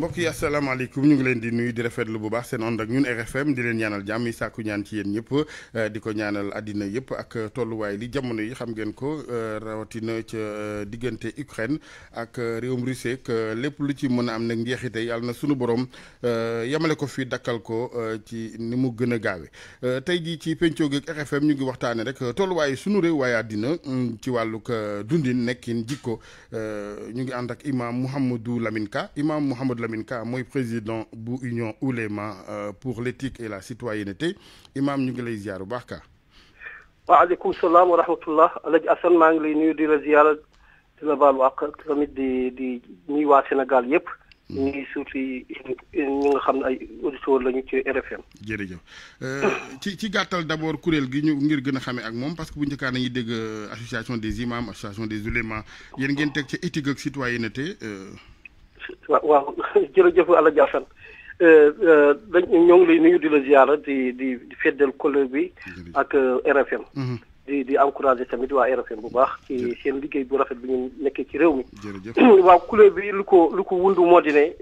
mbokk yi asalaamaaleykum ñu ngi leen di nuyu di rafetlu bu baax seen ànd ak ñun RFM di leen ñaanal jàmm yi sàkku ñaan ci yéen ñëpp eh, di ko ñaanal àddina yëpp ak tolluwaay li jamono yi xam ngeen ko eh, rawatina ca eh, diggante Ukraine ak réewum Russie lépp lu ci mën a am nag njeexite yàlla na sunu borom yemale ko fii dakkal ko ci ni mu gën a gaawe tey jii ci pencoo gi ak RFM ñu ngi waxtaane rek tolluwaay sunu réew waaye àddina mm, ci wàllug dundin nekkin jikko ñu ngi ànd ak imaam Mouhamadou Lamine Ka imaam Mouhamadou Lamine Ka mooy président bu union ouléma euh, pour l'éthique et la citoyenneté imaam ñu ngi lay ziar bu baax ka waaleykum salaam wa rahmatullah alaji maa ngi lay nuyu di la ziyaara di la baalu ak tamit di di ñuy waa Sénégal yëpp mm. ñuy suuti ñi nga xam na ay auditeurs lañu ci RFM. jërëjëf euh, ci ci gàttal d' abord kuréel gi ñu ngir gën a xamee ak moom parce que bu njëkkaan dañuy dégg euh, association des imams association des oulémas yéen ngeen teg ca éthique ak citoyenneté waaw waaw jërëjëf Alla Diassane euh, euh, dañ ñoo ngi lay nuyu di la ziyaara di di di feddal collègue bi ak euh, RFM. Mhm. di di encouragé tamit waa RFM bu baax ci seen liggéey bu rafet bi ñu nekkee ci réew mi. waaw collègue bi lu ko lu ko wund moo di ne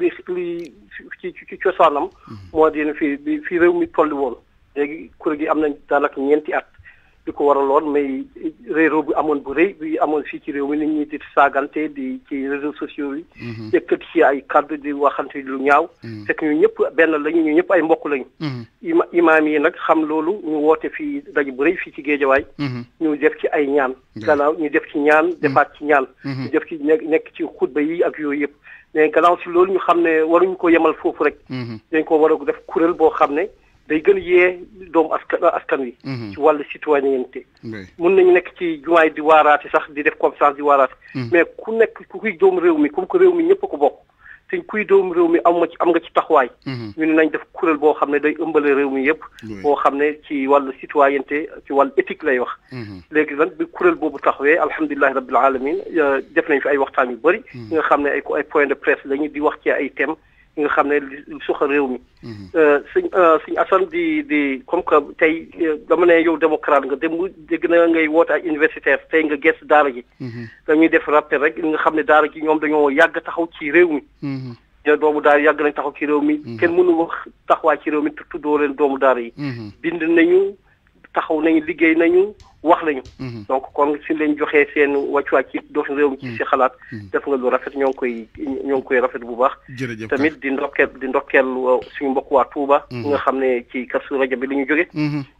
li li ci cosaanam. Mhm. moo di ne réew mi tollu woon léegi kuréel gi am nañ daanaka ñeenti at. di ko waraloon mais réeróo bu amoon bu rëy bi amoon fii ci réew mi nit ñi di saagante di ci réseaux sociaux yi. Mhm. yëkkati ci ay kàddu di waxante lu ñaaw. Mhm. fekk ñu ñëpp benn lañu ñu ñëpp ay mbokk lañu. Mhm. ima imaam yi nag xam loolu ñu woote fii daje bu rëy fii ci géejawaay. ñu def ci ay ñaan. gannaaw ñu def ci ñaan defaat ci ñaan. ñu def ci nekk ci xutba yi ak yooyu yëpp mais gannaaw si loolu ñu xam ne waruñu ko yemal foofu rek. dañ ko war a def kuréel boo xam ne. day gën a yee doomu askan euh, askan wi. Mhm. ci wàllu citoyenneté. mun nañu nekk ci jumaay di waaraati sax di def conférence di waaraati. Mhm. mais ku nekk ku kuy doomu réew mi comme que réew mi ñëpp ko bokk. te kuy doomu réew mi am nga ci am nga ci taxawaay. Mhm. ne nañ def kuréel boo xam ne day ëmbale réew mi yëpp. boo xam ne ci wàllu citoyenneté ci wàllu éthique lay wax. léegi nag bi kuréel boobu taxawee alhamdulilah rabbil alamin euh, def nañ fi ay waxtaan yu bëri. nga xam ne ay ay point de presse lañu di wax ci ay thèmes. yi nga xam ne suqa réew mi. suñ suñ asan di di comme que tey euh, dama ne yow démocrate nga dem dégg na ngay woote ay universitaire tey nga gëstu daara ji. Mhm. dañuy def rappel rek li nga xam ne daar ji ñoom dañoo yàgg taxaw ci réew mi. Mhm. ñoo doomu daara yàgg nañ taxaw ci réew mi. Mhm. kenn mënu wax taxawaay ci réew mi tuddoo leen doomu daar yi. bind nañu taxaw nañu liggéey nañu. wax lañu. Mhm. donc kon si leen joxee seen wàccuwaay ci doxin réew mi ci mhm. si xalaat. Mhm. def nga lu rafet ñoo ngi koy ñoo ngi koy rafet bu baax. tamit di ndokkeel di ndokkeel euh, suñu mbokk waa Touba. nga xam ne ci kasu rajo bi li ñu jóge.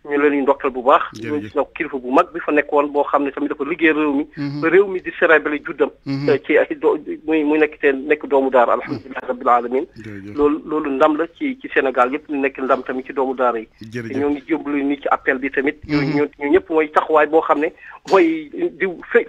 ñu leen di ndokkeel bu baax. jërëjëf kilifa bu mag bi fa nekkoon boo xam ne tamit dafa liggéey réew mi. réew mi di cérébale juddam. Euh, ci ak do muy nekk seen nekk doomu daara alhamdulilah rabbil alamin loolu loolu ndam la ci ci Sénégal yëpp nekk ndam tamit ci doomu daara yi. jërëjëf te ñoo ngi bi tamit. taxawaay boo xam ne mooy di fe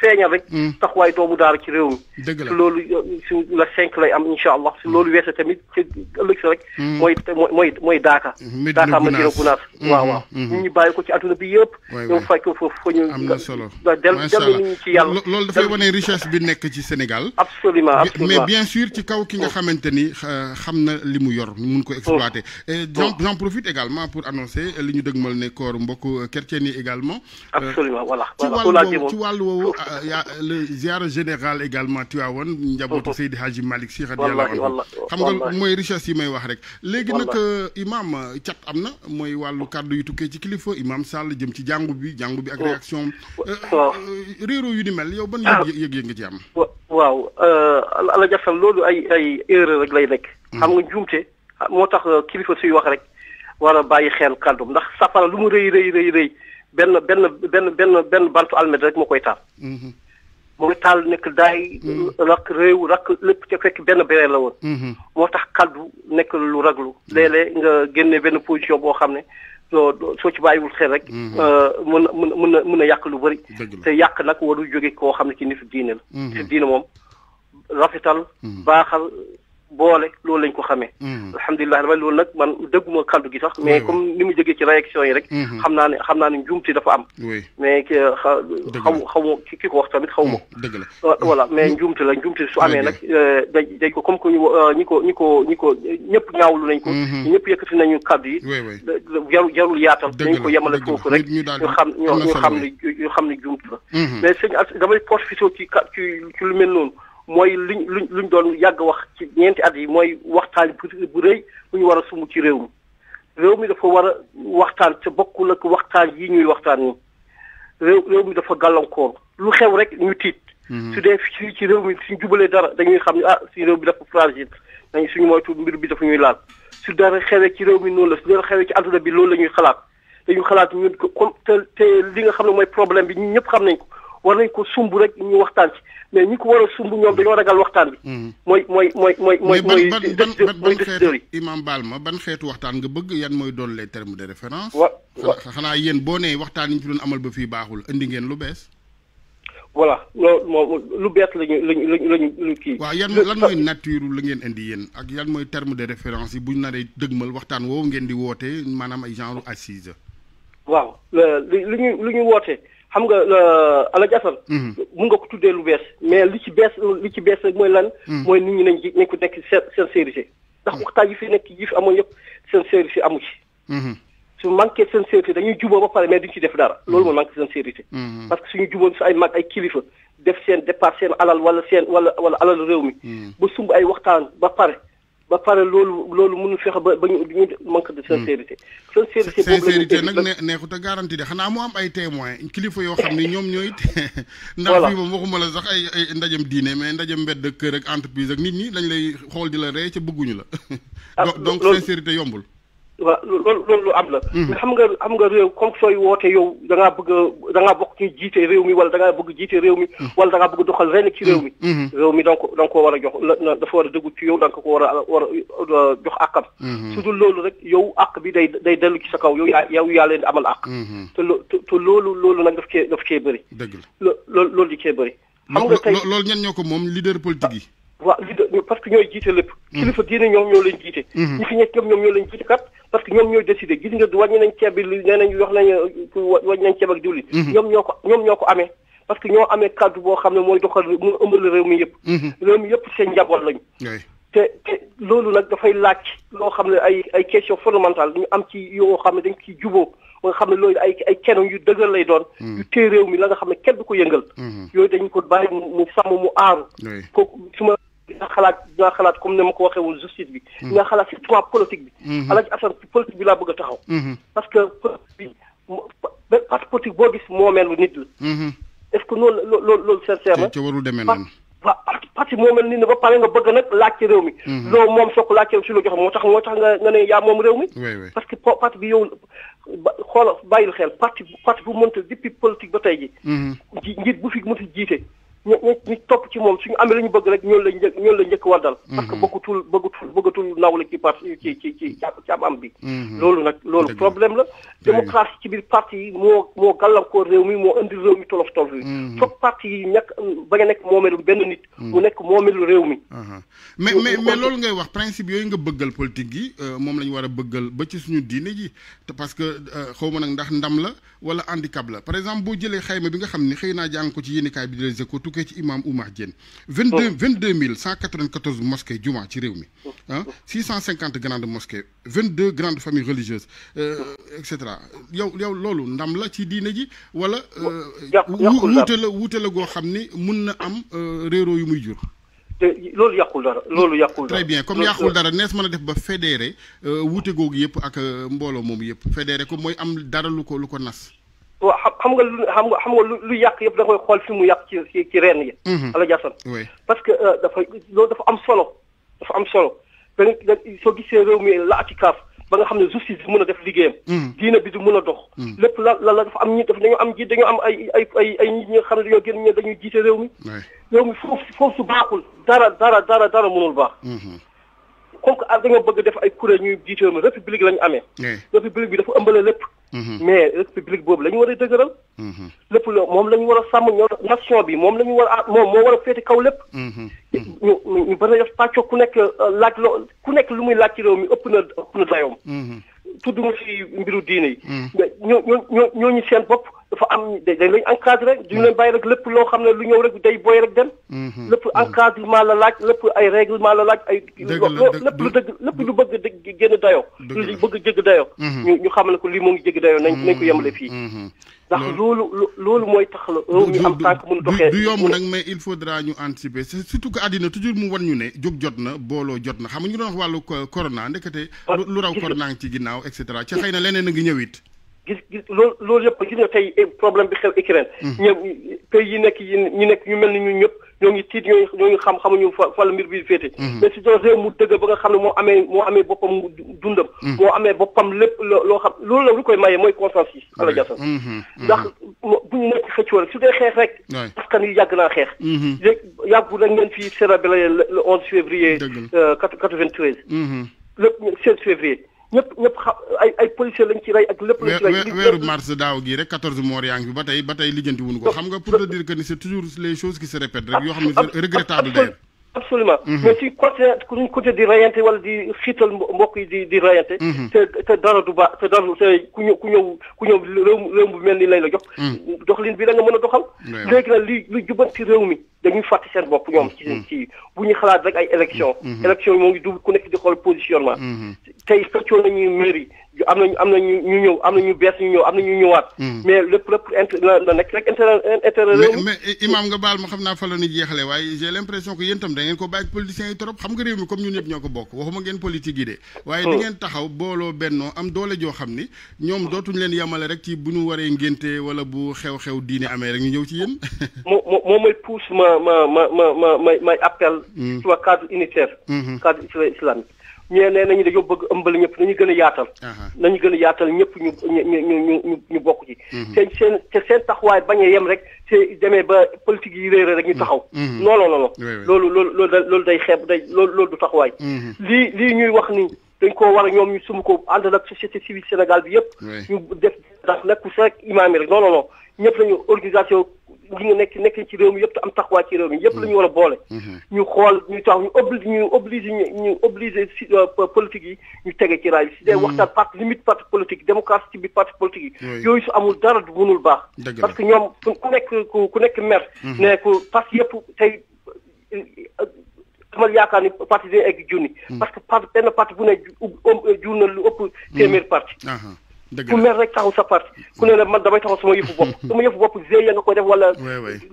feeñal rek. Mm. taxawaay doomu daara ci réew mi. dëgg la loolu si la cinq lay am incha allah si mm. loolu weesoo tamit ci ëllëg sa rek. Mm. mooy mooy mooy daaka. daaka ma dina gunaas mm-hmm. waaw waaw. ñu mm-hmm. ñu bàyyi ko ci bi yëpp. waay waay ñoom faj ko foofu fa ñu. am na solo macha allah del loolu dafay wane richesse bi nekk ci Sénégal. absolument absolument mais bien sûr ci kaw ki nga oh. xamante ni xam na li mu yor mun ko oh. exploiter. Oh. j'en profite également pour annoncer li ñu dëgmal ne koor mbokk kerceen yi également. absolument euh, voilà voilà ci wàllu woowu euh, euh, le ziara général également Tivaouane njabootu Seydi Hadji Malick Sy radiyallahu anhu xam nga mooy richesse yi may wax rek léegi nag imam cat am na mooy wàllu kàddu yu tukkee ci kilifa imam Sall jëm ci jàngu bi jàngu bi ak oh. réaction oh. oh. réeroo yu ni mel yow ban ah. yëg yëg nga ci am waaw ala loolu ay ay erreur rek lay nekk hmm. xam nga juumte moo tax kilifa suy wax rek war bàyyi xel kàddu ndax safara lu mu rëy rëy rëy rëy benn benn benn benn benn bantu almet rek moo koy taal. Mhm. mooy taal nekk daay. Mhm. rakk réew rakk lépp ca fekk benn béré la woon. Mhm. moo tax kaddu nekk lu raglu. léeg-léeg nga génne benn position boo xam ne soo soo ci bàyyiwul xel rek. Euh, mën na mën na mën na yàq lu bëri. te yàq nag waru jóge koo xam ne ci nitu diine la. te diine moom rafetal. baaxal. boole loolu lañ ko xamee hmm. alhamdulilah dama loolu nag man dëgguma kàddu gi sax mais comme ni mu jógee ci réaction yi rek hmm. xam naa ne xam naa ne njuumti dafa am mais ki xaw xaw ki ko wax tamit xaw ma hmm. voilà mais njuumti la njuumti su amee nag euh, day day ko comme que euh, ñi ko ñi ko ñi ko ñëpp ñaawlu nañ ko ñëpp yëkkati nañu kàddu yi jarul jarul yaatal dañ ko yemale foofu rek ñu xam ñu xam ne ñu xam ne njuumti la mais sëñ as damay porte ci ci ci lu mel noonu mooy lu lu ñu doon yàgg wax ci ñeenti at yi mooy waxtaan bu rëy lu ñu war a sumb ci réew mi réew mi dafa war a waxtaan bokk bokkul ko waxtaan yi ñuy waxtaan ni réew mi dafa gàllankoor lu xew rek ñu tiit mhm. su dee fii ci réew mi suñ jubalee dara dañuy xam ne ah suñu réew bi dafa fragile nañ suñu moytu mbir bi dafa ñuy laal su dara xewee ci réew mi noonu la su dara xewee ci àdduna bi loolu la ñuy xalaat dañuy xalaat ñun ko kon te te li nga xam ne mooy problème bi ñun ñëpp xam nañ ko war nañ ko sumb rek ñu waxtaan ci mais ñi ko war a sumb ñoom dañoo ragal waxtaan bi. Mm-hmm. mooy mooy mooy mooy. mooy mooy ban xeetu Baal ma ban xeetu waxtaan nga bëgg yan mooy doon les termes de référence. wa xanaa yéen boo nee waxtaan yi ñu fi doon amal ba fii baaxul indi ngeen lu bees. voilà loolu moom lu bees la ñu la la ñu kii. waaw yan lan mooy nature la ngeen indi yéen ak yan mooy terme de référence yi bu ñu naree dëgmal waxtaan woowu ngeen di wootee maanaam ay genre assise. waaw li li xam nga Alaaji mu mhm. mun nga ko tuddee lu bees mais li ci bees li ci bees mooy lan mhm. mooy nit ñi nañ nañ ko nekk seen sincérité ndax mhm. waxtaan yi fi nekk yi fi amoon yëpp sincérité amu ci su seen sincérité dañuy juboo ba pare mais duñ ci def dara loolu mooy manqué sincérité parce que suñu juboon su ay mag ay kilifa def seen départ seen alal wala seen wala wala alal réew mi ba sumb ay waxtaan ba pare ba pare loolu loolu mënu fexe ba ba ñu ñu manque de sincérité. Hmm. sincérité sincérité nag neexut a garanti de xanaa moo am ay témoins kilifa yoo xam ne ñoom ñooy. ndax fii moom waxuma la sax ay ay ndajem diine mais ndajem mbedd ak kër ak entreprise ak nit ñi lañ lay xool di la ree ca bëgguñu la. Ah, donc sincérité yombul. waaw loolu loolu lu am la. Hmm. mais xam nga xam nga réew comme sooy woote yow da ngaa bëgg a da ngaa jiite réew mi wala da bëgg jiite réew mi. wala da ngaa hmm. doxal ren ci réew mi. Hmm. réew mi da nga ko da nga war a jox la dafa war a dëggu ci yow da nga ko war a war jox àqam. su loolu rek yow àq bi day day dellu ci sa kaw yow yaa yow yaa leen amal àq. te loo loolu loolu nag daf cee daf cee bëri. dëgg loolu loolu di cee bëri. xam nga tey loolu ñenn ñoo ko moom leader politique yi. waa li parce que ñooy jiite lépp. Mm-hmm. kilifa diine ñoom ñoo leen jiite. Mm-hmm. ñi fi nekk ñoom ñoo leen jiite kat parce que ñoom ñooy décidé gis nga wàññi nañ ceeb bi nee nañ mm-hmm. ne mooy doxal mu ëmbale réew mi yëpp. réew mi yëpp seen njaboot lañu. dafay laaj loo xam ne ay ay question fondamentale ñu am ci yoo xam ne dañ ki juboo ba nga xam ne loolu ay ay kenn yu dëgër lay doon. yu téye réew mi la nga xam ne kenn du ko yëngal. yooyu dañu ko bàyyi mu sàmm mu aaru. kooku su dina xalaat dina xalaat comme ne ma ko waxee woon justice bi. Hmm. dina xalaat si droit politique bi. Hmm. ala ci affaire politique bi laa bëgg a taxaw. Hmm. parce que politique bi parti boo gis moomeelu nit la. est-ce que loolu loolu loolu sincère la. te warul demee noonu. waa parti moo mel ni ne ba pare nga bëgg nag laaj ci réew mi. loolu moom soo ko laaj ci réew si la joxe moo tax moo tax nga nga ne yaa moom réew mi. parce que parti bi yow ba bàyyil xel parti parti bu mënta depuis politique ba tey ji. njiit bu fi mënta jiit ñu ñu topp ci moom suñu amee la ñu bëgg rek ñoom la njëkk ñoom la njëkk war dal mhm. parce que bëggatul bëggatul bëggatul ci parti ci ci ci ci am am bi mhm. loolu nag loolu problème la démocratie ci biir parti yi moo moo gàllankoor réew mi moo indi réew mi tolof tolof yi mhm. foog parti yi ñàkk bañ a nekk moomelu benn nit mu nekk moo moomelu réew mi mais mais mais loolu ngay wax principe yooyu nga bëggal politique gi euh, moom lañu war a bëggal ba ci suñu diine ji te parce que euh, xaw ma nag ndax la wala handicap la par exemple boo jëlee xayma bi ne xëy naa tukkee ci imam Oumar Diène. 22 22 194 mosquées juma ci réew mi oh. ah 650 grandes mosquées 22 grandes familles religieuses euh, oh. et cetera yow yow loolu ndam la ci diine ji wala. Euh, wuute la wuute la goo xam ni mun na am euh, réeroo yu muy jur. loolu yàqul dara loolu yàqul dara. très bien comme yàqul dara nees man a def ba fédéré wute googu yëpp ak mbooloo moom yëpp fédéré ko mooy am dara lu ko lu ko nas. waaw xam nga lu xam nga xam nga lu yàq yëpp da koy xool fi mu yàq ci ci reen yi. Mhm. ala jaasan parce que euh, dafa loolu dafa am solo dafa am solo da nga soo gisee réew mi la ci ba nga xam ne justice bi mën a def liggéeyam. Mhm. diina bi du mën a dox. Mhm. lépp la la la dafa am ñi dañu am ji dañoo am ay ay ay ay nit ñi nga xam ne dañuy jiite réew mi. réew mi foofu foofu su baaxul dara dara dara dara mënul baax. comme que ah, dañoo bëgg def ay kuréel ñuy jiite réew mi république la ñu amee. république bi dafa ëmbale lépp. Mm-hmm. mais république boobu la ñu war a dëgëral. Mm-hmm. lépp loo moom la ñu war a sàmm ñoo nation bi moom la ñu war a moom moo war a féete kaw lépp. Mm-hmm. ñu ñu bëri def pàccoo ku nekk euh, laaj loo ku nekk lu muy laaj ci réew mi ëpp na ëpp na dayoom. tudd nga fi mbiru diine yi. mais ñoo ñoo ñoo ñu seen bopp. dafa am dañ lañ encadré duñu leen bàyyi rek lépp loo xam ne lu ñëw rek day booy rek dem mm-hmm. lépp mm-hmm. encadrement la laaj lépp ay règlement la laaj ay lépp lu dëgg lépp lu bëgg dëgg génn dayoo lu bëgg jëgg dayoo mm-hmm. ñu ñu xamal ko lii moo ngi jëgg dayoo nañ nañ ko yemale fii ndax loolu loolu mooy tax la réew mi am tànk mun doxee du yomb nag mais il faudra ñu anticiper surtout que àddina toujours mu wan ñu ne jóg jot na booloo jot na xam nga ñu doon wax wàllu corona ndekete ah, lu raw corona ngi ci ginnaaw et cetera ci na leneen a ngi ñëw gis gis loolu loolu yëpp gis nga tey eh, problème bi xew Ukraine. ñoom hmm. pays yi nekk ñu nekk ñu mel ni ñun ñëpp ñoo ngi tiit ñoo ngi xam xamuñu fa fa la mbir bi féete. Hmm. mais si doon réew mu dëgg ba nga xam ne moo amee moo amee boppam dundam. Hmm. moo amee boppam lépp loo xam loolu la lu koy maye mooy consensus. ala jàpp ndax bu ñu nekk xëccoo rek su dee xeex rek. askan wi yàgg naa xeex. léegi yàggu nag ngeen fii Sera bi la le 11 février. dëgg la 93. Euh, le 16 février. ñëpp ñëpp ay ay policiers ci rey ak lépp lañ ci rey weeru mars daaw gii rek quatorze morts yaa ba tey ba tey lijjanti wuñu ko xam nga pour te dire que ni c'est toujours les choses qui se répètent rek yoo xam ne regrettable d'ailleurs absolument mhm. mais si côté suñ côté di rayante wala di xiital mbokk yi di di rayante mhm. te te dara du baax te dara te ku ñëw ku ñëw ku ñëw réew réew bu mel ni lay la jox mhm. doxalin bi da nga mën a doxal léegi nag li lu jubanti réew mi dañuy fàtte seen bopp ñoom ci ci bu ñu xalaat rek ay élection élection yi moo ngi du ku nekk di xool positionnement tey feccoo nañuy mairie am nañu am nañu ñu ñëw am na bees ñu ñëw am nañu ñëwaat. Hmm. mais lépp lépp int la nekk rek intérêt intérêt réew mi. mais imaam nga baal ma xam naa fa la ñuy jeexale waaye j'ai l'impression que yéen tam da ngeen ko bàyyi politiciens yi trop xam nga réew mi comme ñun ñëpp ñoo ko bokk waxuma ngeen politique yi de. waaye di hmm. taxaw booloo bennoo am doole joo xam ni ñoom dootuñ leen yamale rek ci bu ñu waree ngénte wala bu xew-xew diine amee rek ñu ñëw ci yéen. moo moo moo may pousse ma ma ma ma ma may appel. Hmm. sur cadre unitaire. cadre islamique ñee nee nañu dañoo bëgg ëmbal ñëpp nañu gën a yaatal nañu gën a yaatal ñëpp ñu ñu ñu ñu ñu bokk ci seen seen seen taxawaay bañ yem rek see demee ba politique yi réeré rek ñu taxaw non non non loolu loolu loolu loolu day xeeb day loolu loolu du taxawaay lii lii ñuy wax ni dañ ko war ñoom ñu sum ko ànd nag société civile Sénégal bi yëpp ñu def ndax nekku si imaam yi rek non non ñëpp lañu organisation gi nga nekk nekk ci réew mi yëpp te am taxawaay ci réew mi yëpp la ñu war a boole mhm. ñu xool ñu tax ñu obli ñu obligé ñu obligé si euh, politique yi ñu tege ci raay bi mhm. si dee waxtaan parti limite parti politique démocratie ci biir parti politique yi yooyu su amul dara du mënul baax parce que ñoom ku nekk ku nekk maire mhm. ne ku parti yëpp tey damal yaakaar ni parti dina egg junni parce que parti parti bu ne um, um, jur na lu ëpp téeméer parti ku mer rek taxaw sa parti ku ne la man damay taxaw sama yëfu bopp sama yëfu bopp GIE nga koy def wala.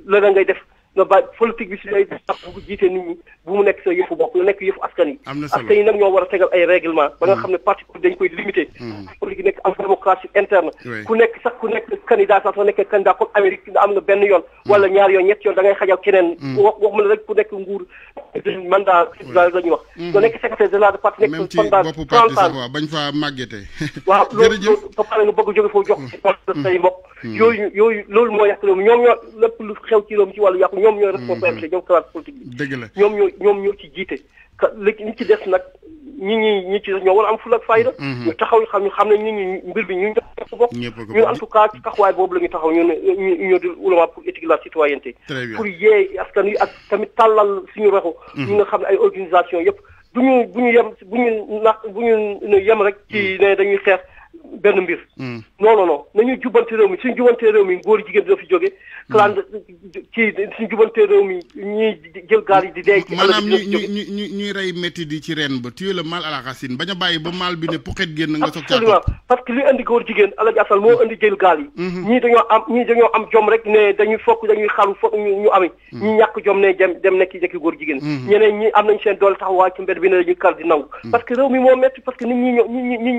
leneen ngay def. nga ba politique bi si lay tax jiitee nit ñi bu mu nekk sa yëfu bopp la nekk yëfu askan yi askan yi nag ñoo war a tegal ay règlement ba nga mm. xam ne parti politique dañ koy limité mm. politique nekk am démocratie interne ku nekk sax ku nekk candidat sax nga am nga benn mm. nekk nguur mandat wax soo nekk secrétaire de parti nekk pendant trente ans bañ fa màggetee waaw loolu moo yàq réew ñoom ñoo lépp lu xew ci ci wàllu yàqu ñoom ñooy mm-hmm. responsabilité ñoom classe politique bi. dëgg ñoom ñoo ñoom ñoo ci jiite. léegi ñi ci des nag ñi ñi ñi ci des ñoo war a am ful ak fayda. Mm-hmm. ñu taxaw xam ñu xam ne ñu ñi mbir bi ñu ñëpp bokk. ñun en tout cas ci taxawaay boobu la taxaw ñu ne ñu union de ulama pour éthique la citoyenneté. pour yee askan wi ak tamit tàllal suñu raxu. Mm-hmm. ñu nga xam ne ay organisation yëpp bu ñu bu ñu yem bu ñu na bu ñu yem rek. ci ne dañuy xeex. benn mbir. Hmm. non non non nañu jubbante réew mi suñu jubante réew mi góor jigéen dina fi jóge. Hmm. clan ci suñu jubante réew mi ñuy jël gaal yi ba a bàyyi ba mal bi ne puqet génn nga. soog caa parce que li indi hmm. ñu ñi ñàkk jom ne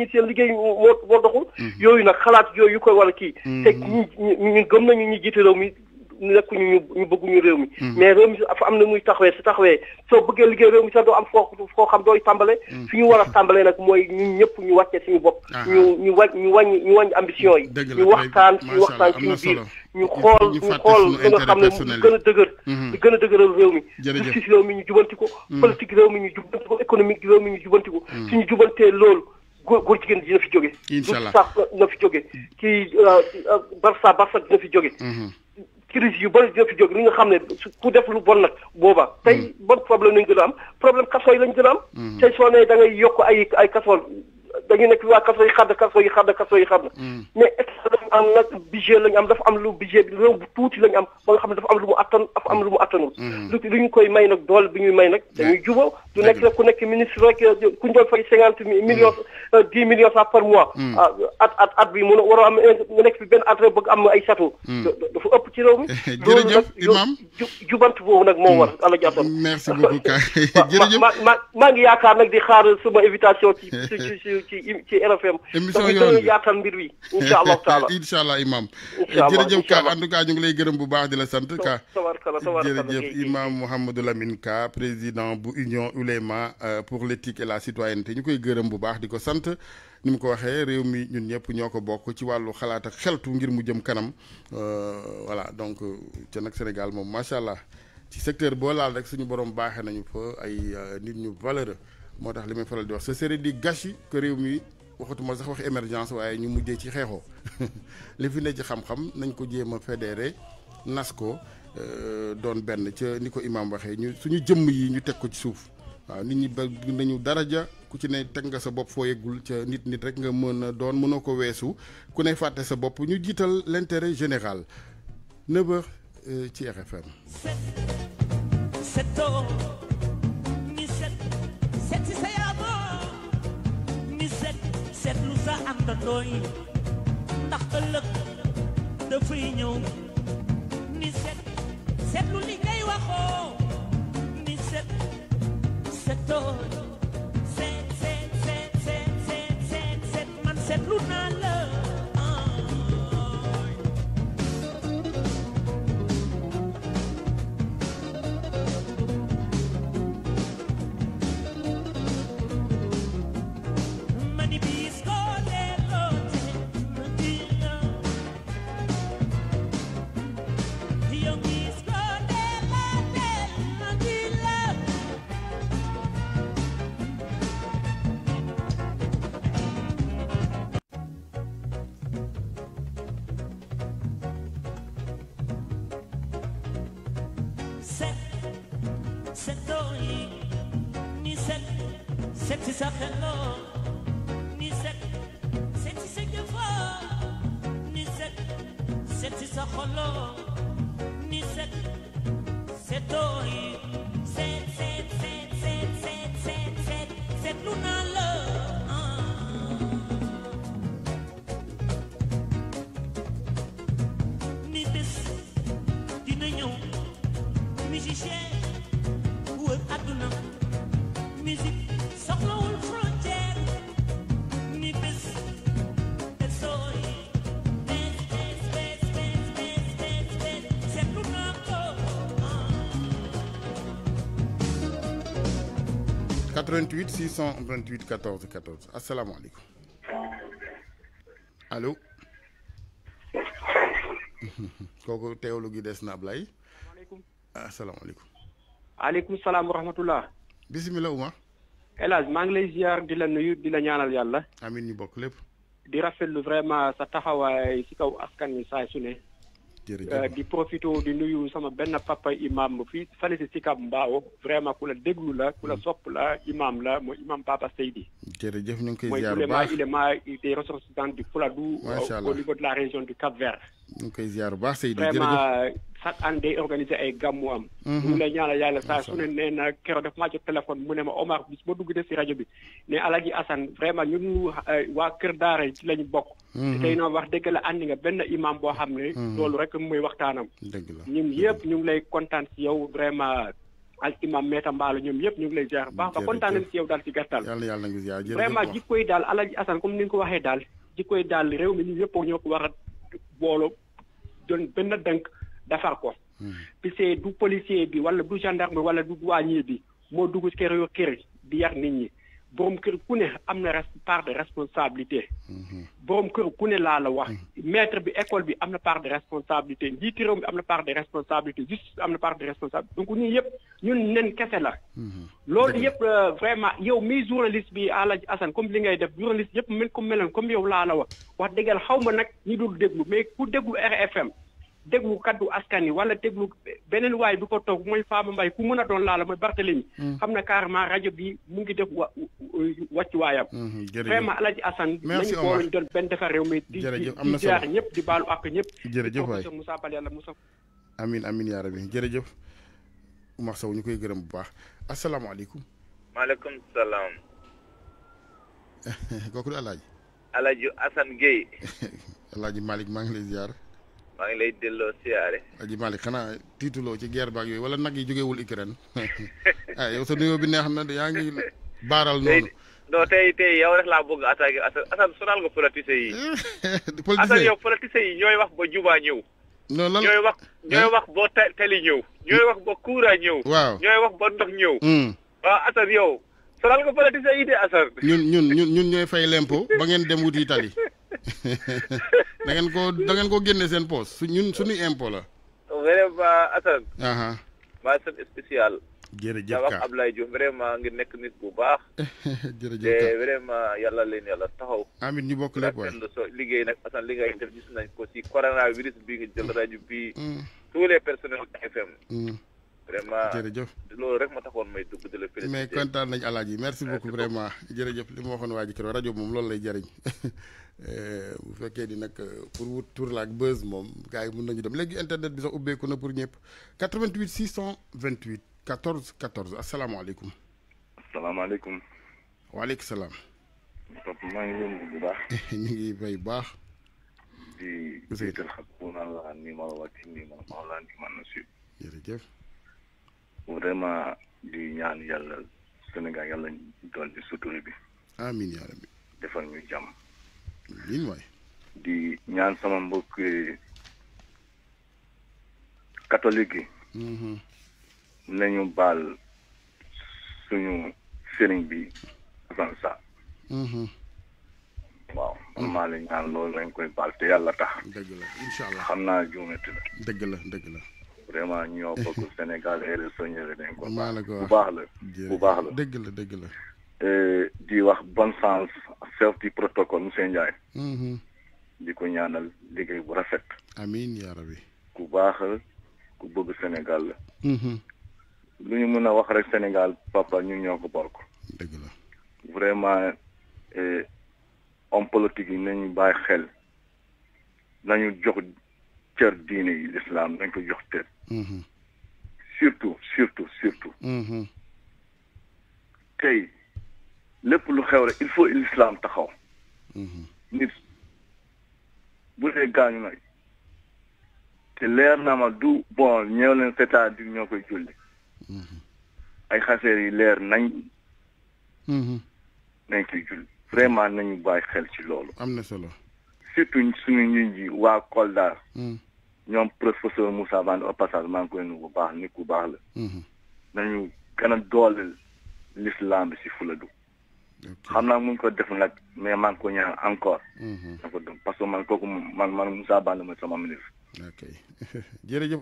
seen liggéey moo moo doxul. Mhm. yooyu nag xalaat yooyu yu koy war a kii. Mhm. te ñu ñu gëm nañu ñu jiite réew mi nekk ñu ñu bëgguñu réew mi. Mhm. mais réew mi dafa am na muy taxawee su taxawee soo bëggee liggéey réew mi sax doo am foo foo xam dooy tàmbale. fi ñu war a tàmbalee nag mooy ñun ñëpp ñu wàccee suñu bopp. ñu ñu wa ñu wàññi ñu wàññi ambition yi. ñu waxtaan suñu waxtaan suñu biir. ñu xool ñu xool li nga xam ne mu gën a dëgër. li gën a dëgëral réew mi. justice réew mi ñu jubanti ko. politique réew mi ñu jubanti ko économique réew mi ñu jubanti ko. suñu jubantee loolu góor góor jigéen dina fi jóge. incha allah sax dina fi jóge. kii euh, euh, Barça Barça dina fi jóge. Mhm. crise yu bëri dina fi jóge li nga xam ne ku def lu bon nag booba mhm. tey bon problème lañ gën a am problème kaso yi lañ gën a am. Mhm. tey soo da ngay yokk ay ay kaso dañuy nekk waa a yi xadd kaso yi xadd kaso yi am nag budget lañu am dafa am lu budget bi réew bu am ba nga xam ne dafa am lu mu attan dafa am lu mu mm-hmm. ñu koy may nag doole bi ñuy may nag dañuy jubóo du nekk rek ku nekk ministre rek euh, ku ñu doon fay cinquante millions mm. euh, dix millions sax par mois mm. ah, at at at bi mun a war a am nekk fi benn at rek bëgg am ay château mm. dafa ëpp ci réew mi jubant boobu nag moo war a jàppal merci beaucoup Ka jërëjëf ma ma maa ngi yaakaar nag di xaar suma invitation ci ci ci ci RFM émission yooyu yaatal mbir wi incha allahu taala incha allah imam jërëjëf ka en tout cas ñu ngi lay gërëm bu baax di la sant ka jërëjëf imam Mouhamadou Lamine Ka président bu union ulema euh, pour l'éthique et la citoyenneté ñu koy gërëm bu baax di ko sant ni mu ko waxee réew mi ñun ñëpp ñoo ko bokk ci wàllu xalaat xeltu ngir mu jëm kanam euh, voilà donc ca nag Sénégal moom macha allah ci secteur boo laal rek suñu borom baaxee nañu fa ay euh, nit ñu valeureux moo tax li may faral di wax ce serait du gâchis que réew mi waxatuma sax wax émergence waaye ñu mujjee ci xeexoo li fi ne ci xam-xam nañ ko jéem a fédéré nas ko euh, doon benn ca ni ko imaam waxee ñu suñu jëmm yi ñu teg ko ci suuf waaw nit ñi bëgg nañu daraja ku ci ne teg nga sa bopp foo yeggul ca nit nit rek nga mën a doon mënoo ko weesu ku ne fàtte sa bopp ñu jiital l'intérêt général 9 euh, ci RFM. àndandoo yi ndax ëllëg dafay ñëw ni set seetlu li ngay waxoo ni set setoo set set set set set set man seetlu naa la 88 628 14 14 asalaamaaleykum allo kooku teewlu gi des na Ablaye asalaamaaleykum. maaleykum salaam wa rahmatulah. bisimilah Oumar. El maa ngi lay ziar di la nuyu di la ñaanal yàlla. amiin ñu bokk lépp. di rafet lu vraiment sa taxawaay si kaw askan wi saay su ne. Euh, di profito di nuyu sama benn papa imam fii fële si Sicap Mbao vraiment ku la déglu la ku la mm. sopp la imam la mooy imam Papa Seydi. jërëjëf ñu ngi koy ziar bu baax mooy élément des ressortissants du Fuladu. macha la région du Cap-Vert. ñu ngi koy ziar baax Seydi chaque année day organiser ay gàmmu am. Mhm. mu ngi lay ñaanal yàlla saa su ne nee na keroog daf maa mu ne ma Omar bis ba dugg de si rajo bi ne Alaji Assane vraiment ñun euh, waa Kër Daara ci lañu bokk. te mhm. tey wax dëgg la andi nga benn imam boo xam ne. Mhm. loolu rek muy waxtaanam. dëgg la ñun yëpp ñu ngi lay kontaan si yow vraiment. al imam Meta Mbaalo ñoom yëpp ñu ngi lay jaar baax ba kontaan nañ si yow daal si gàttal. yàlla yàlla ngi ziar vraiment jikkoy daal Alaji Assane comme ni nga ko waxee daal jikkoy daal réew mi ñu yëpp ñoo ko war a booloo doon benn dënk defar ko. Hmm. puisque du policier bi wala du gendarme wala du douanier bi moo dugg kër yo kër di yar nit ñi borom kër ku ne am na part de responsabilité. Hmm. borom kër ku ne laa la wax. Hmm. maître bi école bi am na part de responsabilité njiiti réew mi am na part de responsabilité justice am na part de responsabilité donc ñun yëpp ñun nen kese la. loolu yëpp euh, vraiment yow mi journaliste bi Alaaji Assane comme li ngay def journaliste yëpp mel comme meloon comme yow laa la wax wax dëggal xaw ma nag ñi dul déglu ku déglu RFM. déglu kaddu askan yi wala déglu beneen waay bi ko toog mooy Fama mbay ku mën a doon laala mooy Barthélémy hmm. xam na carrément rajo bi mu ngi def wa wàccuwaayam hmm, hmm, vraiment Alaji Assane nañu booluñ doon benn defar réew mi di di jaar ñëpp di baalu ak ñëpp jërëjëf waay Moussa Bal yàlla Moussa amin amin yaa rabbi jërëjëf Oumar Sow ñu koy gërëm bu baax asalaamaaleykum maaleykum salaam kooku di Alaaji Alaaji Assane Gueye Alaaji Malick maa ngi lay ziar maa ngi lay delloo siyaare. aji Malick xanaa tiituloo ci guerre baak yooyu wala nag yi jógewul Ukraine ah yow sa nuyoo bi neex na yaa ngi baaral noonu. non tey tey yow rek laa bëgg attaqué Assane sonal nga politiciens yi. politiciens Assane yow politiciens yi ñooy wax ba Juba ñëw. non lan ñooy wax eh? ñooy wax ba Tali ñëw. ñooy wax ba Koura ñëw. waaw ñooy wax ba ndox ñëw. waaw hmm. ah, Assane yow sonal ñun ñun ñun ñun ñooy fay lempo ba ngeen dem wuti Tali. da ngeen ko dangeen ko génne seen poos su ñun suñuy impôt la. vraiment Assane. maa seen spécial. jërëjëf Ka wax Ablaye Diouf vraiment ngir nekk nit bu baax. jërëjëf te vraiment yàlla leen yàlla taxaw. amiin ñu bokk lépp waay so liggéey nag Assane li ngay def gis nañ ko ci si coronavirus bii nga jël rajo bii. Mm. tous les personnels FM. Mm. vraiment jërëjëf loolu rek ma taxoon may dugg di la félicité mais kontaan nañ alaaji merci beaucoup vraiment jërëjëf li ma waxoon waa ji keroog rajo moom loolu lay jëriñ eh, bu fekkee di nag euh, pour wut tour la ak moom gars yi mun nañu dem léegi internet bi sax ubbeeku na pour ñëpp 88 628 14 14 asalaamaaleykum. asalaamaaleykum. waaleykum salaam. papa maa ngi leen di bu baax. ñu ngi bay baax. di. monsieur Thiel xam nii ma ma la vraiment di ñaan yàlla Sénégal yàlla dool ci sutura bi. amiin yaa rabbi. ñu jàmm. amiin waay. di ñaan sama mbokk catholique yi. Mm-hmm. nañu baal suñu sëriñ bi Assane mm-hmm. waaw man mm-hmm. maa la ñaan loolu lañ koy baal te yàlla tax. dëgg la incha xam naa juumati la. dëgg la dëgg la. vraiment ñoo bokk Sénégal et le soññale nañ ko. maa la baax la bu baax la dëgg la dëgg la. di wax bon sens safety protocole monsieur mhm. Ndiaye. di ko ñaanal liggéey bu rafet. amiin yaa rabi. ku baax ku bëgg Sénégal la. Mhm. lu ñu mën a wax rek Sénégal papa ñu ñoo ko bokk. dëgg la vraiment e, homme politique yi nañu bàyyi xel nañu jox. cër diine yi lislaam nañ ko jox teel. Mhm. surtout surtout surtout. Mhm. tey lépp lu xew rek il faut lislaam taxaw. Mhm. nit bu dee gaañu nag te leer na ma du bon ñëw leen di à dire ñoo koy julli. ay xaseer yi leer nañ. nañ koy julli vraiment nañu bàyyi xel ci loolu. am na solo. surtout suñu nit yi waa Kolda. ñoom professeur Moussa Bane au passage maa ngi koy nuyu bu baax nit ku baax la. Mhm. nañu gën a dooleel l'islam bi si Fuladu. xam naa muñ ko def nag mais maa ngi ko ñaan encore. Mhm. na ko parce que man kooku man man Moussa Bane la mooy sama ministre. ok jërëjëf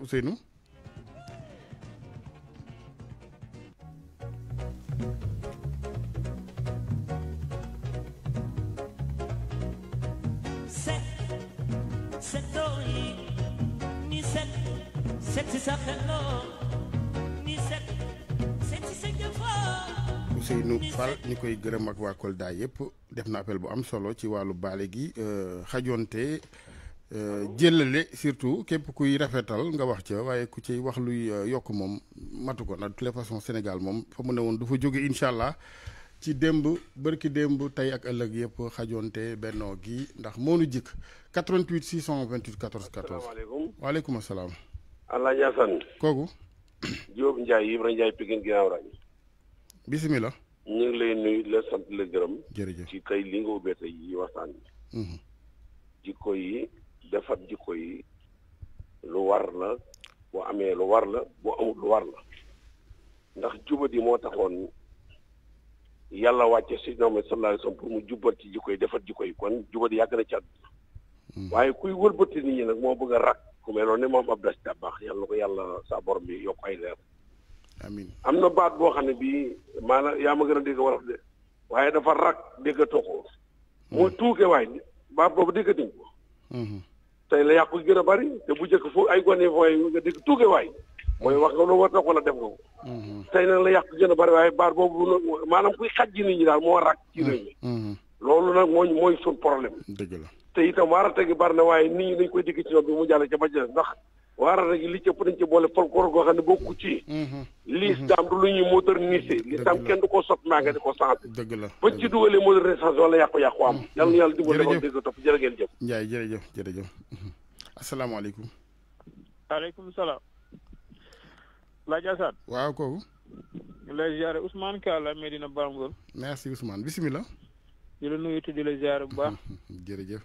Ousseynou Fall ñu koy gërëm ak waa Kolda yëpp def na appel bu am solo ci wàllu baale gi euh, xajonte euh, jëllale surtout képp kuy rafetal nga wax ca waaye ku ciy wax luy euh, yokk moom matu ko nag de toute façon Sénégal moom fa mu ne woon du fa jóge incha allah ci démb bërki démb tey ak ëllëg yëpp xajonte bennoo gi ndax moonu jikk 88 628 14 14. waaleykum salaam. Alaaji Asan kooku Jóob Njaay Ibra Njaay Pikine ginnaaw raay bisimilah ñu ngi lay nuyu la sant la gërëm jërëjëf ci tey li nga ubbee tey yi waxtaan mhm. jikko yi defar jikko yi lu war la boo amee lu war la boo amul lu war la ndax jubadi moo taxoon yàlla wàcce si Muhammad sallallahu alayhi pour mu jubbat ci jikko yi defar jikko yi kon jubadi yàgg na ci àdduna mhm. waaye kuy wëlbati nit ñi nag moo bëgg a rak ku mel noonu ne moom Abdou baax yàlla na ko yàlla sa borom bi yokk ay leer. amiin am na baat boo xam ne bii maanaam yaa ma gën a dégg wolof de waaye dafa rak déggatoo ko. mu hmm. tuuke waay baat boobu déggatuñ ko. Hmm. tey la yàqu gën a bari te bu njëkk fu ay gone fooy waay. mooy wax nga lu war a def ko. Hmm. tey nag la yàqu gën a bari waaye baat boobu maanaam kuy xaj ji nit ñi daal moo rak ci réew loolu nag mooy mooy suñ problème. dëgg la te itam waarata gi bari na waaye nit ñi dañ koy dégg ci ñoom bi mu jàll ca Badiane ndax waarata gi li ci ëpp dañ ci boole folklore goo xam ne bokku ci. Mhm. lislaam mhm. du lu ñuy moderniser. lislaam kenn du ko soppi maa nga di ko sensé. dëgg la ba ci dugalee modernisation wala yàqu-yàqu am. Mhm. yàlla na yàlla dimbali ko dégg topp jërë ngeen jëf. Ndiaye jërëjëf jërëjëf asalaamaaleykum. waaleykum salaam. Laaji Assane. waaw kooku. ñu lay ziare Ousmane Ka la Medina Baram bisimilah. di la nuyu di la ziar bu baax. jërëjëf.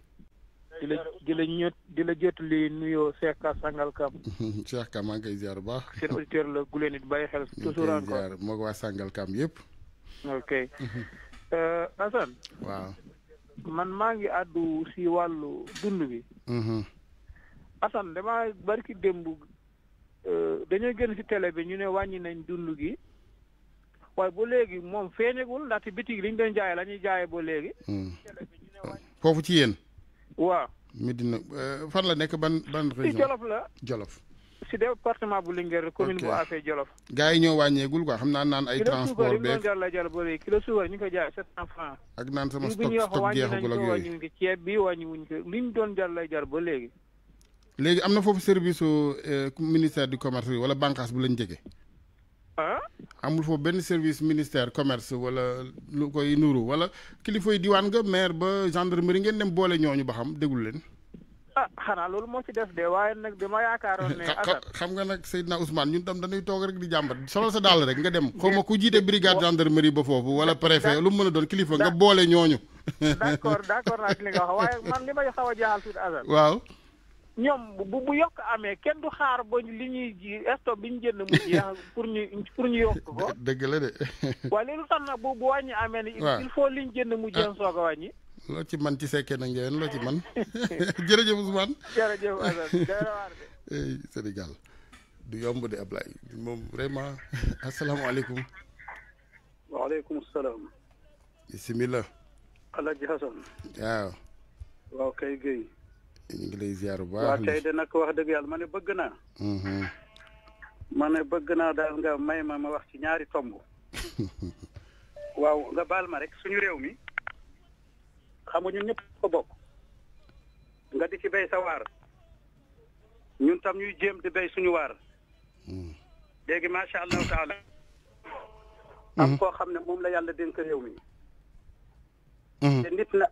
di la di ñot di la jot li nuyoo Cheikh Ka Sangalkam. Cheikh Ka maa ngi koy baax. seen auditeur la gu leen it bàyyi xel. toujours encore ziar moo ko waa Sangalkam yëpp. ok euh, Assane. waaw. man maa ngi àddu si wàllu dund bi. Mm-hmm. Assane damaa barki démb euh, dañoo génn si télé bi ñu ne wàññi nañ dund gi. waaye ba léegi moom feeñagul ndaxte bitig liñ doon jaaye la ñuy jaayee ba léegi. Hmm. foofu ci yéen. waaw. Medina euh, fan la nekk ban ban région. ci Jolof la Jolof. ci département bu Linguère commune bu Afé Jolof. gaa yi ñoo wàññeegul quoi xam naa naan ay. transport beeg kilo suukar la jël ba léegi kilo suukar ñu ko jaay sept cent franc. ak naan sama stock stock jeexagul ak yooyu wàññi nañ ko ceeb bi wàññi doon jël lay jar ba léegi. léegi am na foofu service su euh, ministère du commerce wala bànqaas bu lañ jege. amul foofu benn service ministère commerce wala lu koy nuru wala kilifa yi diwaan nga maire ba gendre gendarmerie ngeen dem boole ñooñu ba xam déglu leen. ah xanaa loolu moo ci def de waaye nag dama yaakaaroon ne. xam nga nag Seydina Ousmane ñun tam dana toog rek di jàmbat solo sa daal rek nga dem. xaw ma ku jiite brigade gendarmerie ba foofu wala préfet lu mu mën a doon kilifa nga boole ñooñu. d' accord d' naa ci nga wax waaye man li may xaw a jaaxal tuuti Assane ñoom bu bu yokk amee kenn du xaar ba li ñuy ji stock bi ñu jënd mu jeex pour ñu pour ñu yokk ko. dëgg la de. waaye loolu tax na bu bu wàññi amee ni il faut li ñu jënd mu jeex ah. soog wàññi. loo ci man ci sekkee na ngeen loo ci man jërëjëf Ousmane. jërëjëf Ousmane du yomb de Ablaye moom vraiment asalaamaaleykum. waaleykum salaam. bisimilah. kay Guèye. ñu ngi lay ziar baax. waaw nag wax dëgg yàlla ma ne bëgg naa. Mm-hmm. ma ne bëgg naa daal nga may ma ma wax ci ñaari tomb. waaw nga baal ma rek suñu réew mi xam nga ñun ñëpp ko bokk. nga di ci béy sa waar. ñun tam ñuy jéem di béy suñu waar. Mm-hmm. léegi macha allahu taala. Mm-hmm. am koo xam ne moom la yàlla dénk réew mi. Mhm. te nit na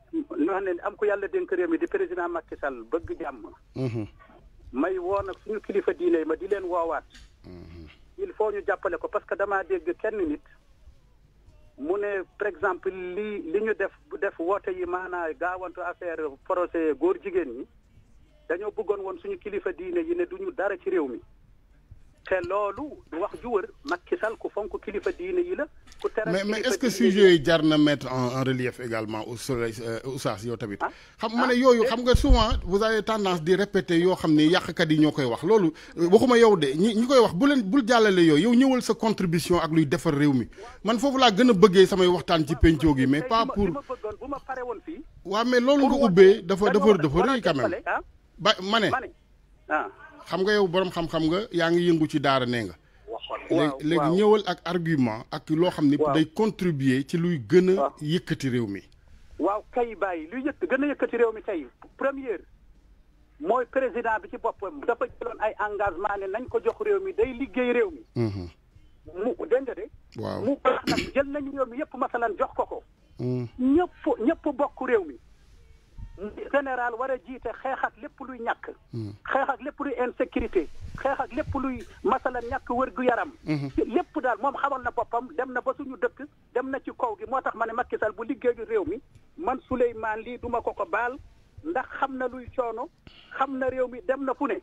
ñoo ne am ko yàlla dénk réew mi di président Macky Sall bëgg jàmm. Mhm. may woo nag suñu kilifa diine yi ma di leen woowaat. Mhm. il faut ñu jàppale ko parce que damaa dégg kenn nit. mu ne par exemple li li ñu def def woote yi maanaa gaawantu affaire projet góor jigéen ñi dañoo bëggoon woon suñu kilifa diine yi ne du ñu dara ci réew mi. te loolu du wax ju wër Macky mais mais est-ce que sujet yi jar na mettre en relief également au soleil euh, oustaz yow tamit. Ah, xam ma ah, yooyu eh. xam nga souvent vous avez tendance di répéter yoo xam ne yàqkat yi ñoo koy wax loolu euh, waxuma yow de ñi ñi koy wax bu leen bul jàllale yooyu yow ñëwal sa contribution ak luy defar réew mi man foofu laa gën a bëggee samay waxtaan ci pencoo gi mais pas pour. waa mais loolu nga ubbee dafa dafa dafa rëy quand même. Ah. ba ma xam nga yow borom xam-xam nga yaa ngi yëngu ci daara nee nga. léegi léegi ñëwal ak argument ak loo xam ni. day contribuer ci luy gën a. yëkkati réew mi. waaw kay bàyyi luy yëkk gën a yëkkati réew mi kay première mooy président bi ci boppam dafa jëloon ay engagement ne nañ ko jox réew mi day liggéey réew mi. Mm-hmm. mu dégg nga de. waaw mu baax nag jël nañ réew mi yëpp jox ko ko. Mm. ñëpp ñëpp bokk réew mi. général war a jiite xeex lépp luy ñàkk. Hmm. xeex lépp luy insécurité xeex lépp luy masala ñàkk wërgu yaram. Hmm. lépp daal moom xamal na boppam dem na ba suñu dëkk dem na ci kaw gi moo tax ma ne Macky bu liggéeyu réew mi man Souleymane lii duma ko ko baal ndax xam na luy coono xam na réew mi dem na fu ne.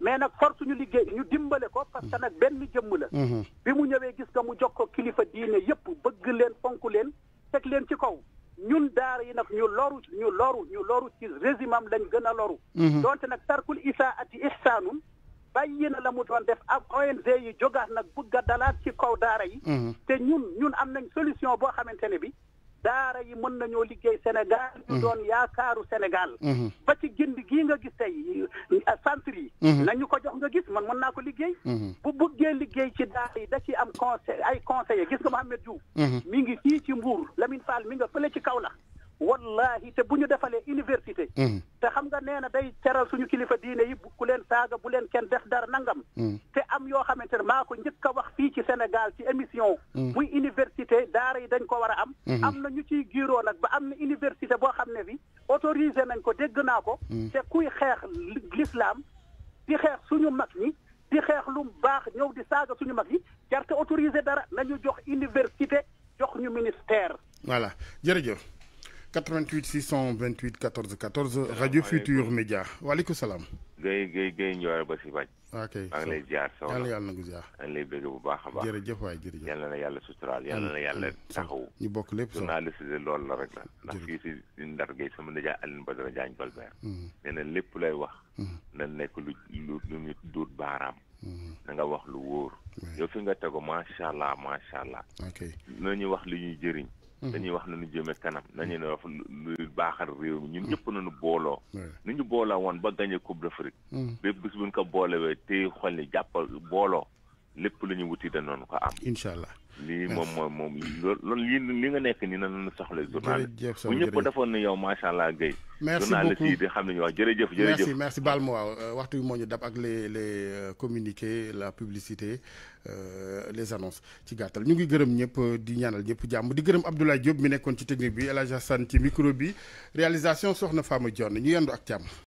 mais nag force ñu liggéey ñu dimbale ko parce que nag benn jëmm la. Hmm. bi mu ñëwee gis nga mu jox ko kilifa diine yépp bëgg leen fonk leen teg leen ci kaw. ñun daara yi nag ñu loru ñu loru ñu loru ci régime am lañ gën a loru mhm. donte nag tarkul isaati ihsaanun bàyyi na la mu doon def ab ONG yi jógaat nag bëgg a dalaat ci kaw daara yi mhm. te ñun ñun am nañ solution boo xamante ne bi daara yi mën nañoo liggéey Sénégal ñu mhm. doon yaakaaru Sénégal mhm. ba ci gind gii nga gis tey euh, centre yi mhm. nañu ko jox nga gis man mën naa ko liggéey bu bëggee liggéey ci daara yi da ci am conseil ay conseiller gis nga Mouhamed Diouf mi ngi fii ci Mbour Lamine Fall mi nga fële ci kaw Kaolack wallahi te bu ñu defalee université. Mm. te xam nga nee na day caral suñu kilifa diine yi ku leen saaga bu leen kenn def dara nangam. Mm. te am yoo xamante ne maa ko njëkk a wax fii ci Sénégal ci émission. Mm. muy université daara yi dañ ko war a am. Mm-hmm. am na ñu ciy giiroo nag ba am na université boo xam ne bi autorisé nañ ko dégg naa ko. te kuy xeex l'islam di xeex suñu mag ñi. di xeex lu baax ñëw di saaga suñu mag yi jarte autorisé dara ñu jox université jox ñu ministère. voilà jërëjëf. 88 628 14 14 rajo Futur Média waaleykum salaam. Guèye Guèye Guèye Ndiol ba si bañ. ok maa ngi lay ziar soxna yàlla yàlla na ko ziar. maa ngi lay bëgg bu a baax jërëjëf waay jërëjëf. yàlla na yàlla suturaal ñu bokk lépp soxna journaliste de loolu la rek la. ndax fii si Ndar Guèye sama nijaay Alioune Badara Diagne Golbert. Mm. nee na lépp lay wax. Mm. na nekk lu lu lu ñu baaraam. Mm. na nga wax lu wóor. yow fi nga tegu macha allah macha allah. ok na ñu wax li ñuy jëriñ. Mm-hmm. dañuy wax nañu jëme kanam mm-hmm. nañu ne wax luy baaxal réew mi ñun ñëpp mm-hmm. nañu booloo ni ñu boola woon ba gagné coupe d'Afrique bépp bis buñ ko boolewee te xol ni jàppal booloo lépp lu ñu wuti danoonu ko am incha allah lii moom moom moom loolu lii li nga nekk nii nañu soxla journal bu ñëpp defoon na yow macha allah Guèye. merci beaucoup yi xam ne ñu wax jërëjëf. jërëjëf merci merci baal ma waaw euh, waxtu bi moo ñu dab ak les les euh, communiqués la publicité euh, les annonces ci gàttal ñu ngi gërëm ñëpp di ñaanal ñëpp jàmm di gërëm Abdoulaye Diop mi nekkoon ci technique bi El Hadj Assane ci micro bi réalisation soxna Fama Dione ñu yendu ak jàmm.